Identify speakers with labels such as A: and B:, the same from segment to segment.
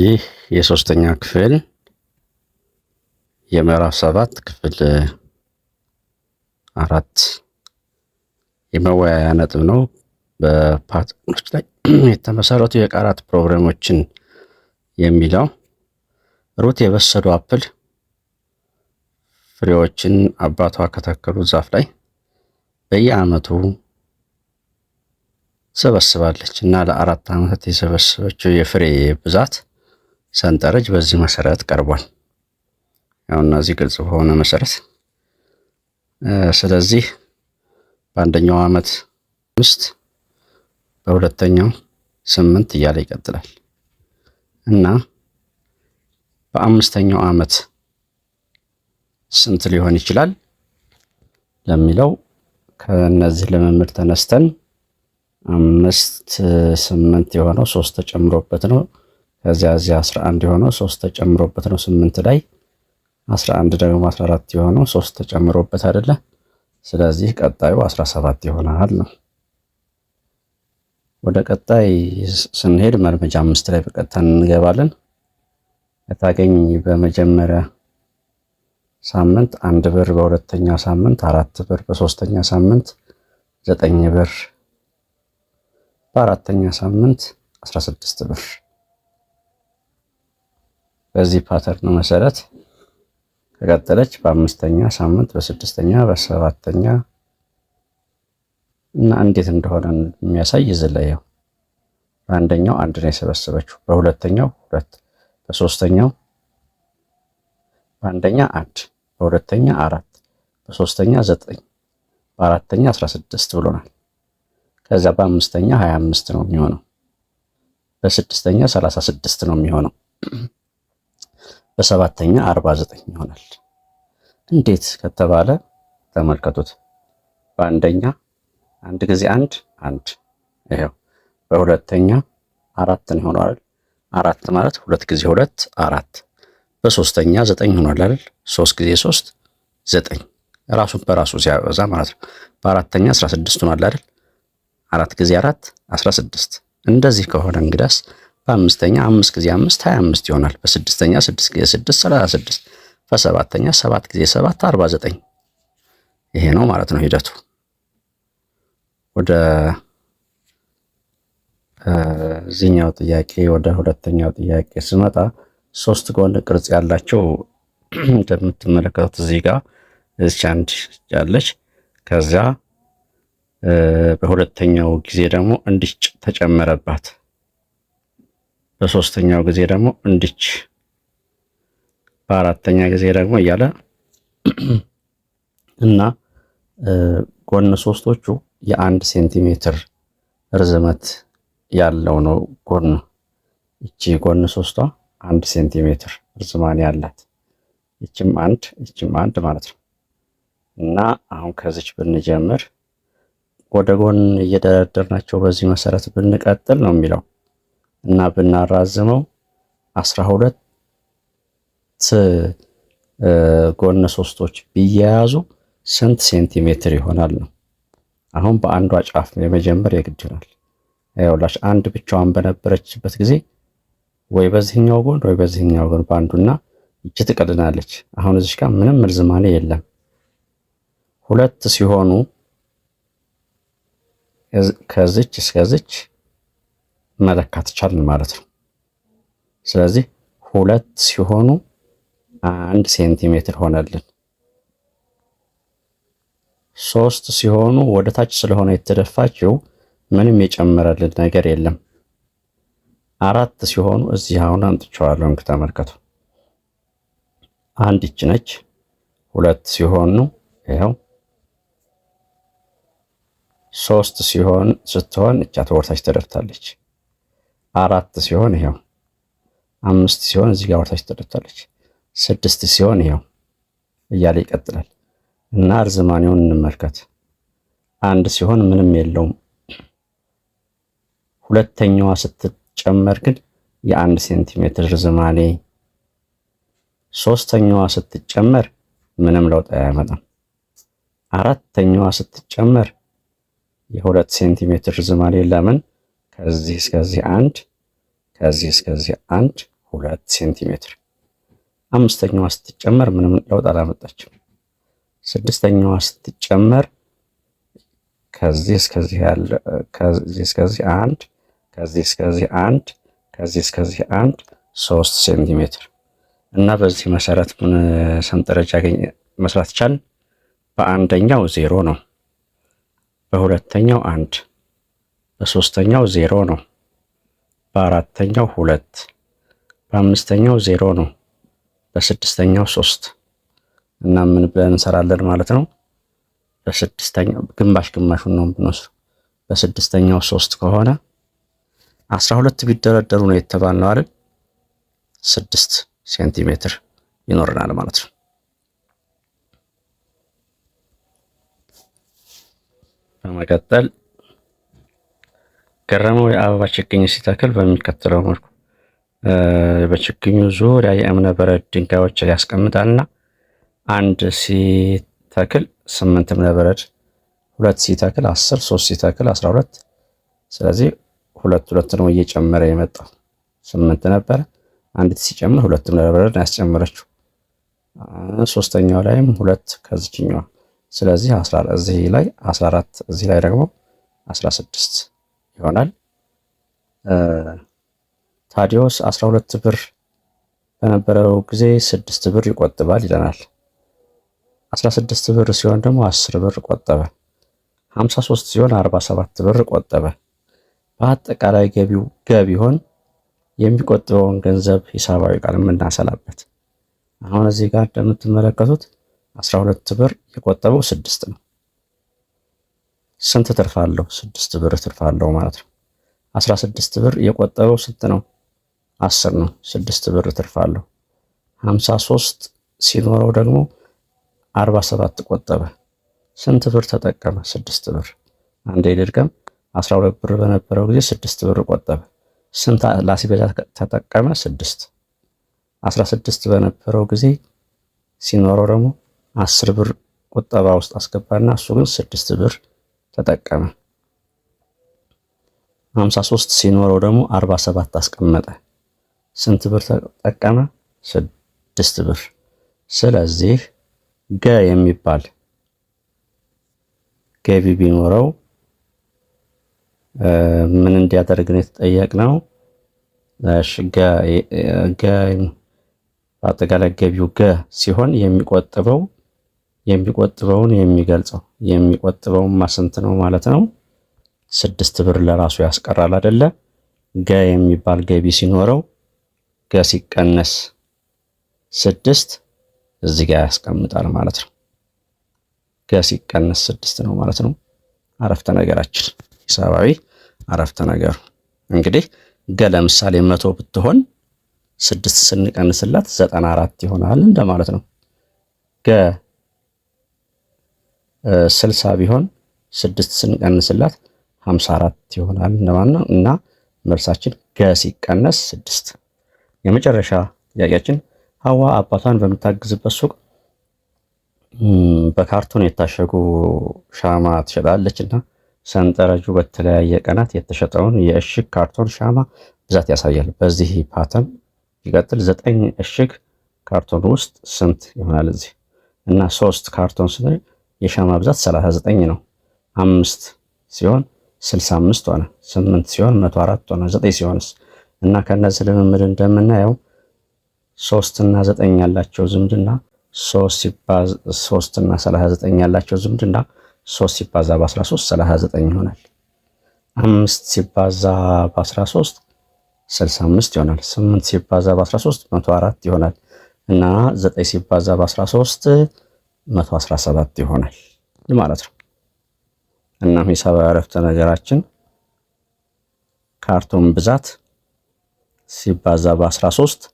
A: ይህ የሶስተኛ ክፍል የምዕራፍ ሰባት ክፍል አራት የመወያያ ነጥብ ነው። በፓተርኖች ላይ የተመሰረቱ የቃላት ፕሮግራሞችን የሚለው ሩት የበሰሉ አፕል ፍሬዎችን አባቷ ከተከሉ ዛፍ ላይ በየዓመቱ ሰበስባለች እና ለአራት ዓመታት የሰበሰበችው የፍሬ ብዛት ሰንጠረዥ በዚህ መሰረት ቀርቧል። ያው እነዚህ ግልጽ በሆነ መሰረት ስለዚህ በአንደኛው ዓመት አምስት በሁለተኛው ስምንት እያለ ይቀጥላል እና በአምስተኛው ዓመት ስንት ሊሆን ይችላል ለሚለው ከእነዚህ ልምምድ ተነስተን አምስት ስምንት የሆነው ሶስት ተጨምሮበት ነው ከዚያ እዚያ 11 የሆነው 3 ተጨምሮበት ነው 8 ላይ 11 ደግሞ 14 የሆነው 3 ተጨምሮበት አይደለ? ስለዚህ ቀጣዩ 17 ይሆናል ነው። ወደ ቀጣይ ስንሄድ መልመጃ አምስት ላይ በቀጥታ እንገባለን። የታገኝ በመጀመሪያ ሳምንት አንድ ብር፣ በሁለተኛ ሳምንት አራት ብር፣ በሶስተኛ ሳምንት ዘጠኝ ብር፣ በአራተኛ ሳምንት 16 ብር በዚህ ፓተርን መሰረት ከቀጠለች በአምስተኛ ሳምንት በስድስተኛ በሰባተኛ እና እንዴት እንደሆነ የሚያሳይ ይዝለየው በአንደኛው አንድ ነው የሰበሰበችው፣ በሁለተኛው ሁለት፣ በሶስተኛው በአንደኛ አንድ፣ በሁለተኛ አራት፣ በሶስተኛ ዘጠኝ፣ በአራተኛ አስራ ስድስት ብሎናል። ከዛ በአምስተኛ ሀያ አምስት ነው የሚሆነው፣ በስድስተኛ ሰላሳ ስድስት ነው የሚሆነው። በሰባተኛ 49 ይሆናል። እንዴት ከተባለ ተመልከቱት። በአንደኛ አንድ ጊዜ አንድ አንድ፣ ይሄው በሁለተኛ አራት ነው ይሆናል። አራት ማለት ሁለት ጊዜ ሁለት አራት። በሶስተኛ ዘጠኝ ይሆናል አይደል? ሶስት ጊዜ ሶስት ዘጠኝ፣ ራሱን በራሱ ሲያበዛ ማለት ነው። በአራተኛ 16 ሆኗል አይደል? አራት ጊዜ አራት 16። እንደዚህ ከሆነ እንግዳስ በአምስተኛ አምስት ጊዜ አምስት ሀያ አምስት ይሆናል። በስድስተኛ ስድስት ጊዜ ስድስት ሰላሳ ስድስት በሰባተኛ ሰባት ጊዜ ሰባት አርባ ዘጠኝ ይሄ ነው ማለት ነው ሂደቱ። ወደ እዚህኛው ጥያቄ ወደ ሁለተኛው ጥያቄ ስመጣ ሶስት ጎን ቅርጽ ያላቸው እንደምትመለከቱት እዚህ ጋር እዚች አንድ ያለች ከዚያ በሁለተኛው ጊዜ ደግሞ እንዲህ ተጨመረባት። በሶስተኛው ጊዜ ደግሞ እንድች በአራተኛ ጊዜ ደግሞ እያለ እና ጎን ሶስቶቹ የአንድ ሴንቲሜትር ርዝመት ያለው ነው። ጎን እቺ ጎን ሶስቷ አንድ ሴንቲሜትር ርዝማን ያላት ይችም አንድ ይችም አንድ ማለት ነው። እና አሁን ከዚች ብንጀምር ወደ ጎን እየደረደርናቸው በዚህ መሰረት ብንቀጥል ነው የሚለው እና ብናራዝመው አስራ ሁለት ጎነ ሶስቶች ቢያያዙ ስንት ሴንቲሜትር ይሆናል ነው። አሁን በአንዷ ጫፍ የመጀመር የግድናል። ያውላች አንድ ብቻዋን በነበረችበት ጊዜ ወይ በዚህኛው ጎን ወይ በዚህኛው ጎን በአንዱና እጅ ትቀድናለች። አሁን እዚህ ጋር ምንም እርዝማኔ የለም። ሁለት ሲሆኑ ከዚች እስከዚች መለካት ቻልን ማለት ነው። ስለዚህ ሁለት ሲሆኑ አንድ ሴንቲሜትር ሆነልን። ሶስት ሲሆኑ ወደ ታች ስለሆነ የተደፋችው ምንም የጨመረልን ነገር የለም። አራት ሲሆኑ እዚህ አሁን አንጥቼዋለሁ። ተመልከቱ። አንድ ይች ነች። ሁለት ሲሆኑ ይኸው ሶስት ሲሆን ስትሆን እቻ ተወርታች ተደፍታለች። አራት ሲሆን ይሄው አምስት ሲሆን እዚህ ጋር ወርታች ተደርታለች። ስድስት ሲሆን ይሄው እያለ ይቀጥላል እና እርዝማኔውን እንመልከት። አንድ ሲሆን ምንም የለውም። ሁለተኛዋ ስትጨመር ግን የአንድ ሴንቲሜትር ርዝማኔ፣ ሶስተኛዋ ስትጨመር ምንም ለውጥ አያመጣም። አራተኛዋ ስትጨመር የሁለት ሴንቲሜትር ርዝማኔ ለምን ከዚህ እስከዚህ አንድ ከዚህ እስከዚህ አንድ ሁለት ሴንቲሜትር። አምስተኛዋ ስትጨመር ምንም ለውጥ አላመጣችም። ስድስተኛዋ ስትጨመር ከዚህ እስከዚህ ያለ ከዚህ እስከዚህ አንድ ከዚህ እስከዚህ አንድ ከዚህ እስከዚህ አንድ ሶስት ሴንቲሜትር እና በዚህ መሰረት ምን ሰንጠረዥ ያገኘ መስራት ቻልን። በአንደኛው ዜሮ ነው፣ በሁለተኛው አንድ በሶስተኛው ዜሮ ነው። በአራተኛው ሁለት፣ በአምስተኛው ዜሮ ነው። በስድስተኛው ሶስት እና ምን ብለን እንሰራለን ማለት ነው። በስድስተኛው ግማሽ ግማሹን ነው ብንወስድ በስድስተኛው ሶስት ከሆነ አስራ ሁለት ቢደረደሩ ነው የተባልነው አይደል? ስድስት ሴንቲሜትር ይኖረናል ማለት ነው። በመቀጠል ገረመው የአበባ ችግኝ ሲተክል በሚከተለው መልኩ በችግኙ ዙሪያ የእብነ በረድ ድንጋዮች ያስቀምጣልና አንድ ሲተክል ስምንት እብነ በረድ ሁለት ሲተክል አስር ሶስት ሲተክል አስራ ሁለት ስለዚህ ሁለት ሁለት ነው እየጨመረ የመጣው ስምንት ነበረ አንዲት ሲጨምር ሁለት እብነ በረድ ያስጨመረችው ሶስተኛው ላይም ሁለት ከዚችኛዋ ስለዚህ እዚህ ላይ አስራ አራት እዚህ ላይ ደግሞ አስራ ስድስት ይሆናል። ታዲዮስ 12 ብር በነበረው ጊዜ 6 ብር ይቆጥባል ይለናል። 16 ብር ሲሆን ደግሞ 10 ብር ቆጠበ። 53 ሲሆን 47 ብር ቆጠበ። በአጠቃላይ ገቢው ገቢ የሚቆጥበውን ገንዘብ ሂሳባዊ ቃል የምናሰላበት አሁን እዚህ ጋር እንደምትመለከቱት 12 ብር የቆጠበው 6 ነው። ስንት ትርፋለሁ? ስድስት ብር ትርፋለሁ ማለት ነው። አስራ ስድስት ብር የቆጠበው ስንት ነው? አስር ነው። ስድስት ብር ትርፋለሁ። ሀምሳ ሶስት ሲኖረው ደግሞ አርባ ሰባት ቆጠበ። ስንት ብር ተጠቀመ? ስድስት ብር። አንዴ ድርገም አስራ ሁለት ብር በነበረው ጊዜ ስድስት ብር ቆጠበ። ስንት ላሲቤዛ ተጠቀመ? ስድስት። አስራ ስድስት በነበረው ጊዜ ሲኖረው ደግሞ አስር ብር ቁጠባ ውስጥ አስገባና እሱ ግን ስድስት ብር ተጠቀመ። 53 ሲኖረው ደግሞ 47 አስቀመጠ። ስንት ብር ተጠቀመ? ስድስት ብር። ስለዚህ ገ የሚባል ገቢ ቢኖረው ምን እንዲያደርግ ነው የተጠየቅነው? ገ በአጠቃላይ ገቢው ገ ሲሆን የሚቆጥበው የሚቆጥበውን የሚገልጸው የሚቆጥበውን ማስንት ነው ማለት ነው። ስድስት ብር ለራሱ ያስቀራል አይደለ? ገ የሚባል ገቢ ሲኖረው ገ ሲቀነስ ስድስት እዚህ ጋር ያስቀምጣል ማለት ነው። ገ ሲቀነስ ስድስት ነው ማለት ነው። አረፍተ ነገራችን ሂሳባዊ አረፍተ ነገሩ እንግዲህ ገ ለምሳሌ መቶ ብትሆን ስድስት ስንቀንስላት ዘጠና አራት ይሆናል እንደማለት ነው። ገ ስልሳ ቢሆን ስድስት ስንቀንስላት ሀምሳ አራት ይሆናል እንደማለት ነው እና መልሳችን ገ ሲቀነስ ስድስት። የመጨረሻ ጥያቄያችን ሀዋ አባቷን በምታግዝበት ሱቅ በካርቶን የታሸጉ ሻማ ትሸጣለች እና ሰንጠረጁ በተለያየ ቀናት የተሸጠውን የእሽግ ካርቶን ሻማ ብዛት ያሳያል። በዚህ ፓተርን ይቀጥል ዘጠኝ እሽግ ካርቶን ውስጥ ስንት ይሆናል? እዚህ እና ሶስት ካርቶን ስንል የሻማ ብዛት 39 ነው። አምስት ሲሆን 65 ሆነ። 8 ሲሆን 104 ሆነ። 9 ሲሆንስ እና ከነዚህ ልምምድ እንደምናየው 3 እና 9 ያላቸው ዝምድና 3 ሲባዛ 3 እና 39 ያላቸው ዝምድና 3 ሲባዛ በ13 39 ይሆናል። 5 ሲባዛ በ13 65 ይሆናል። 8 ሲባዛ በ13 104 ይሆናል እና 9 ሲባዛ በ13 117 ይሆናል ማለት ነው። እናም ሂሳባዊ አረፍተ ነገራችን ካርቶን ብዛት ሲባዛ በ13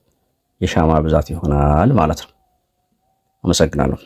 A: የሻማ ብዛት ይሆናል ማለት ነው። አመሰግናለሁ።